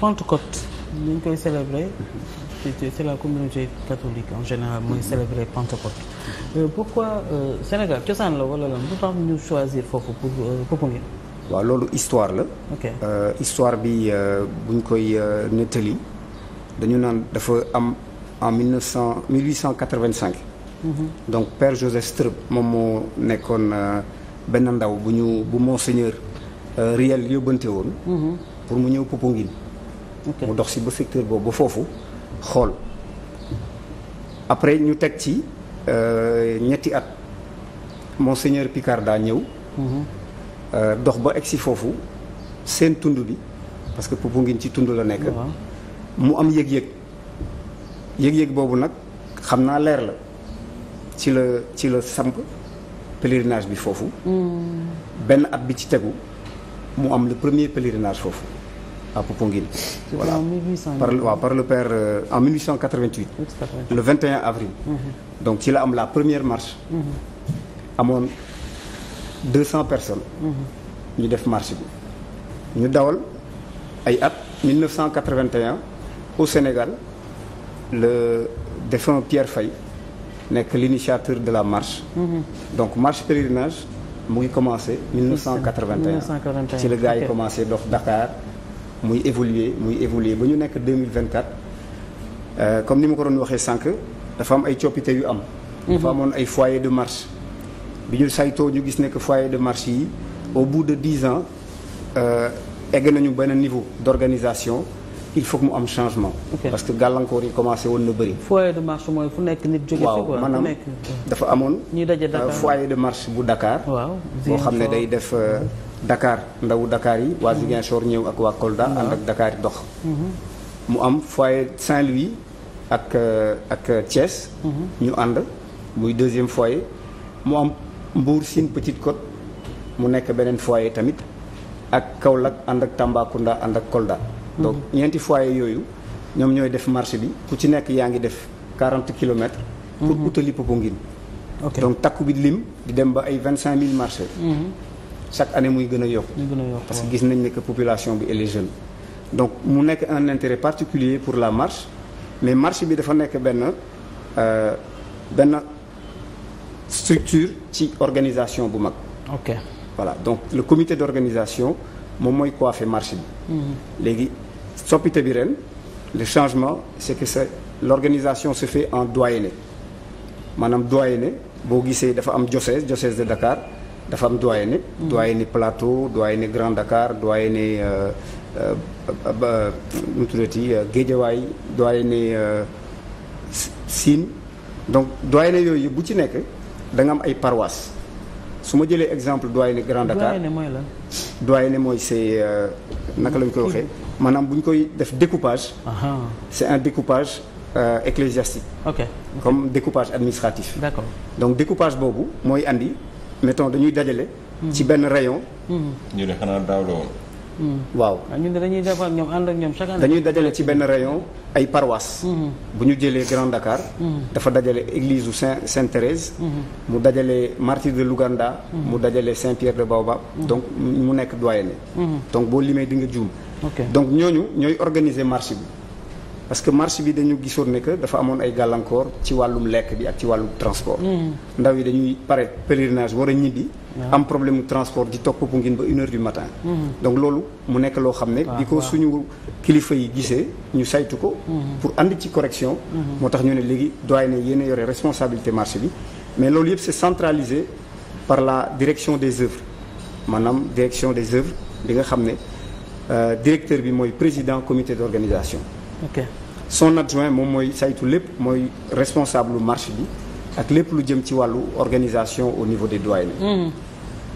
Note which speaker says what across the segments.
Speaker 1: Pentecôte ñu ngi koy célébrer c'est la communauté catholique en général mooy célébrer Pentecôte euh, pourquoi euh, Sénégal cosaan la wala lan lu tax ñu choisir foofu pour euh, Popenguine waaw loolu histoire la histoire bi buñ koy nettali dañu naan dafa am en 1900 1885 mhm. donc père Joseph Strub moom moo nekkoon benn ndaw bu ñu bu monseigneur Riel yóbbante woon mhm. pour mu ñëw Popenguine mu dox si ba secteur boobu ba foofu xool après ñu teg ci euh, ñetti at monseigneur Picard daa ñëw mhm. euh, dox ba egsi foofu seen tund bi parce que Popenguine ci tund la nekk mu am yëg-yëg yëg-yëg boobu nag xam naa leer la ci la ci la samp pèlerinage bi foofu mhm. benn at bi ci tegu mu am le premier pèlerinage foofu à Poponguine. voilà en 1800 par waaw par le père euh, en 1888. le 21 avril. Mmh. donc ci la am la première marche. Mhm. amoon 200 personnes. Mhm. ñu def marche bi. ñu dawal ay at 1981 au Sénégal le défunt Pierre Faye nekk l'initiateur de la marche. Mhm. donc marche pèlerinage mu ngi commencé. 1981 1981 ci la gars yi dox Dakar. muy évoluer muy évoluer ba ñu nekk 2024 euh, comme ni ma ko doon waxee sànq dafa am ay coppite yu am. Mhm. dafa amoon ay foyer de marche bi ñu saytoo ñu gis ne que foyer de marche yi au de dix ans euh, egg nañu benn niveau d'organisation. il faut mu am changement. parce que gàllankoor yi commencé woon na bëri. foyer de marche mooy fu nekk nit jóge fi waaw maanaam dafa amoon. ñuy daje Dakar euh, foyer de marche bu Dakar. waaw xam ne day def mhm. dakaar ndawu dakaar yi waa mhm. Ziguinchor ñëw ak waa Kolda mhm. ànd ak Dakar dox mhm. mu am foyer Saint-Louis ak euh, ak euh, Thiès ñu ànd muy deuxième foyer mu am Mbour Sine Petite Côte mu nekk beneen foyer tamit ak Kaolack ànd ak Tambacounda ànd ak Kolda donc ñeenti foyer yooyu ñoom ñooy def marché bi ku ci nekk yaa ngi def 40 kilomètres pour utali Popenguine donc takku bi lim di dem ba ay vingt cinq mille chaque année muy gën a yokk parce que gis nañ ne que population bi et les jeunes donc mu nekk un intérêt particulier pour la marche mais marché bi dafa nekk benn euh, benn structure ci organisation bu mag ok voilà donc le comité d'organisation moom mooy coiffé marché bi mm-hmm. léegi soppite bi ren le changement c'est que c'est l'organisation se fait en doyenné maanaam doyenné boo gisee dafa am diocèse diocèse de Dakar dafa am doyen nit. Mm-hmm. doyen ni Plateau doyen ni Grand Dakar doyen ni euh, euh, euh, nu mu tuddati Géejawaay doyen ni Sine donc doyen yooyu bu ci nekk da nga am ay paroisse su ma jëlee exemple doyen Grand Dakar doyen mooy lan. doyen mooy c'est naka lañ koy waxee maanaam bu ñu koy def découpage. c'est un découpage. Euh, ecclésiastique okay, comme découpage administratif d'accord donc découpage boobu mooy indi mettons dañuy dajale. ci benn rayon. ñu ne xanaa daaw la woon. ñun dañuy def ak ñoom ànd ñoom chaque dañuy dajale ci benn rayon ay paroisse mm-hmm. bu ñu jëlee Grand Dakar. Mm-hmm. dafa dajale église u Saint Sainte-Thérèse. Mm-hmm. mu dajale martyr de l'Ouganda. mu dajale Saint-Pierre de Baobab. donc mu nekk doyenné. donc boo limee di nga juum. donc ñooñu ñooy organiser marché bi. parce que marché bi dañu gisoon ne que dafa amoon ay gàllankoor ci wàllum lekk bi ak ci wàllum transport. Hmm. ndaw yi dañuy pare pèlerinage war a ñibbi. Hmm. am problème transport di topp Popenguine ba une heure du matin. Hmm. donc loolu mu nekk loo xam ne. bi ko suñu kilifa yi gisee ñu saytu ko. pour indi ci correction. moo tax ñu ne léegi doy na yéen a yore responsabilité marché bi mais loolu yëpp c'est centralisé par la direction des œuvres maanaam direction des œuvres bi nga xam ne euh, directeur bi mooy président comité d'organisation. ok son adjoint moom mooy saytu lépp mooy responsable lu marché bi ak lépp lu jëm ci wàllu organisation au niveau des doyens. Hmm.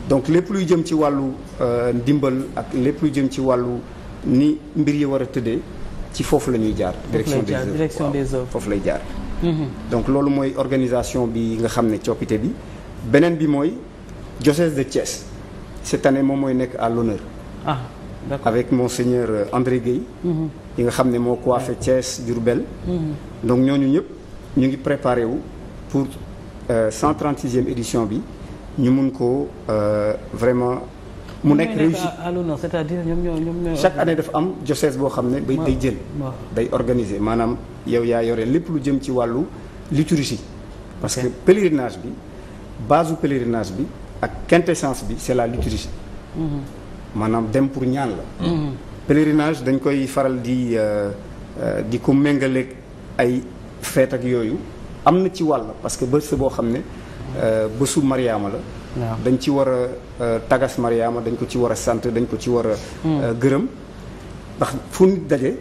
Speaker 1: donc lépp luy jëm ci wàllu euh, ndimbal ak lépp lu jëm ci wàllu ni mbir yi war a tëddee ci foofu la ñuy jaar. direction des oeuvres direction des foofu lay jaar. Hmm. donc loolu mooy organisation bi nga xam ne coppite bi beneen bi mooy diocèse de Thiès cette année moom mooy nekk à l'honneur ah d'accord avec monseigneur euh, André Guèye. Hmm. yi nga xam ne moo coiffé Thiès Diourbel mm-hmm. donc ñooñu ñëpp ñu ngi préparé wu pour euh, cent trente sixième édition bi ñu mun ko euh, vraiment
Speaker 2: mu nekk réussite
Speaker 1: c'est-à-dire ñoom ñooy chaque année dafa am diocèse boo xam ne bay day jël day organiser maanaam yow yaa yore lépp lu jëm ci wàllu liturgie parce que pèlerinage bi base u pèlerinage bi ak quintessence bi c'est la liturgie mm-hmm. maanaam dem pour ñaan la mm-hmm. pèlerinage dañ koy faral di euh, euh, di ko méngaleeg ay feet ak yooyu am na ci wàll parce que bés boo xam ne euh, bésu Mariama la. dañ ci war a tagas Mariama dañ ko ci war a sant dañ ko ci war a. Hmm. gërëm ndax fu nit daje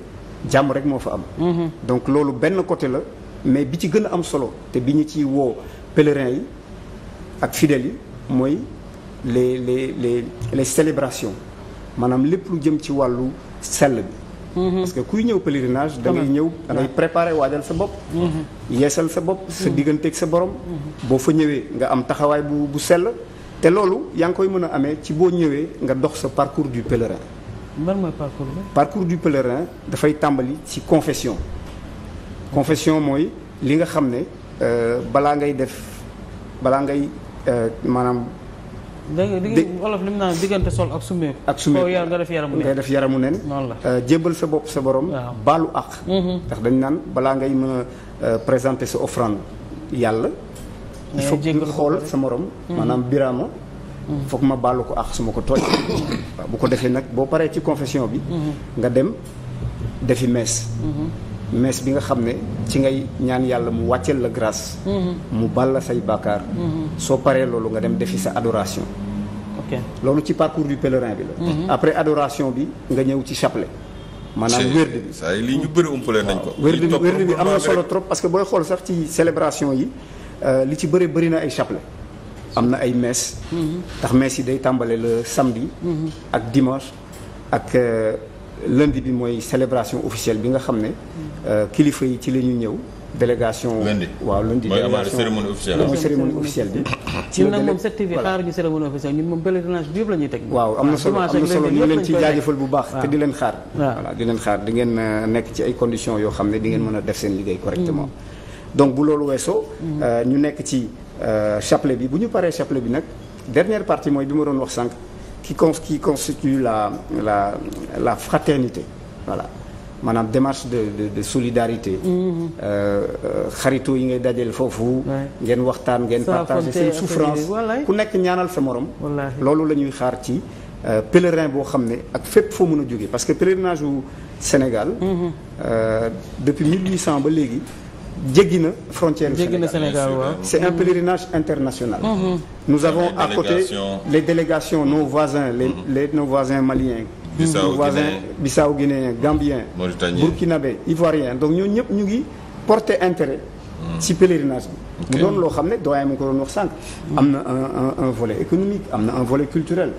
Speaker 1: jàmm rek moo fa am. Hmm. donc loolu benn côté la mais bi ci gën a am solo te bi ñu ci woo pèlerins yi ak fidèles yi mooy les les les les célébrations. maanaam lépp lu jëm ci wàllu sell bi. Mhm. parce que kuy ñëw pèlerinage da ngay ñëw da ngay préparer waajal sa bopp. Mhm. yeesal sa bopp sa mhm. digganteeg sa borom. boo fa ñëwee nga am taxawaay bu bu sell te loolu yaa ngi koy mën a amee ci boo ñëwee nga dox sa parcours du pèlerin. lan mooy parcours bi. parcours du pèlerin dafay tàmbali ci confession. confession mooy li nga xam ne euh, balaa ngay def balaa ngay euh, maanaam. dégg wolof li mu naan diggante sol ak sumeeku. ak sumeeku yaa nga def yaramu nen. nga euh, jébbal sa bopp sa borom. baalu àq. Mm-hmm. ndax dañ naan balaa ngay mën a euh, présenter sa offrande yàlla. il faut nga xool sa morom. Mm-hmm. maanaam biraama. Mm-hmm. foog ma baalu ko àq su ma ko tooñ. waaw bu ko defee nag boo paree ci confession bi. nga dem defi mees. mees bi nga xam ne ci ngay ñaan yàlla mu wàcceel la grâce mhm. mu bal la say bàkkaar mhm. soo paree loolu nga dem defi sa adoration loolu ci parcours du pèlerin bi la mhm. après adoration bi nga ñëw ci chapelet maanaam wérd bi saa lii ñu bëri ko wérd bi wérd bi am na solo trop parce que booy xool sax ci célébration yi euh, li ci bëri bëri na ay chapelet am na ay mees ndax mees yi day tàmbale la samedi ak dimanche ak euh, lundi bi mooy célébration officielle bi nga xam ne euh, kilifa yi ci la ñu ñëw délégation waaw lundi délégation cérémonie officielle lundi cérémonie officielle bi. ci nag moom cette TV xaar bi yëpp la ah, leen xaar. voilà di xaar di ngeen euh, nekk ci ay conditions yoo xam ne di ngeen mën a def seen liggéey correctement. Mm. donc bu loolu weesoo. Mm. Euh, ñu nekk ci chapelet bi bu ñu paree chapelet bi nag dernière partie mooy bi ma doon wax sànq. qui qui constitue la la la fraternité voilà maanaam démarche de de de solidarité. Mhm. Euh, xaritoo yi ngay dajale foofu. ngeen waxtaan ngeen. partager seen souffrance ku nekk ñaanal sa morom. loolu la ñuy xaar ci euh, pèlerin boo xam ne ak fépp foo mën a jógee parce que pèlerinage u Sénégal. Mhm. Euh, depuis ba léegi. jéggi na frontière Sénégal Sénégal waaw. c'est un pèlerinage international. Mm-hmm. Mm-hmm. nous avons à côté les délégations nos voisins les mm-hmm. les nos voisins maliens. nos voisins bissau guinéens gambiens. burkinabé ivoirien donc ñooñu ñëpp ñu ngi porté intérêt. si pèlerinage bi. mu doon loo xam ne doyen mu ko doon sànq. am na un un un volet économique am na un volet culturel.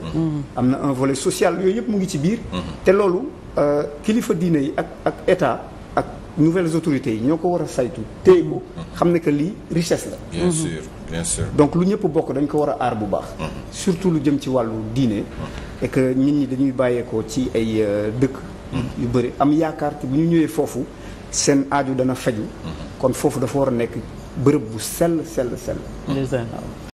Speaker 1: am na un volet social yooyu yëpp mu ngi ci biir. te loolu euh, kilifa diine yi ak état. nouvelles autorités yi ñoo ko war a saytu téye ko xam ne que lii richesse la. bien mhm. sûr bien sûr. donc lu ñëpp bokk dañ ko war a aar bu baax. Mhm. surtout lu jëm ci wàllu diine. Mhm. et que nit ñi dañuy bàyyeekoo ci ay euh, dëkk. yu bëri am yaakaar ci bu ñu ñëwee foofu seen aaju dana faju kon foofu dafa war a nekk bërëb bu sell sell sell.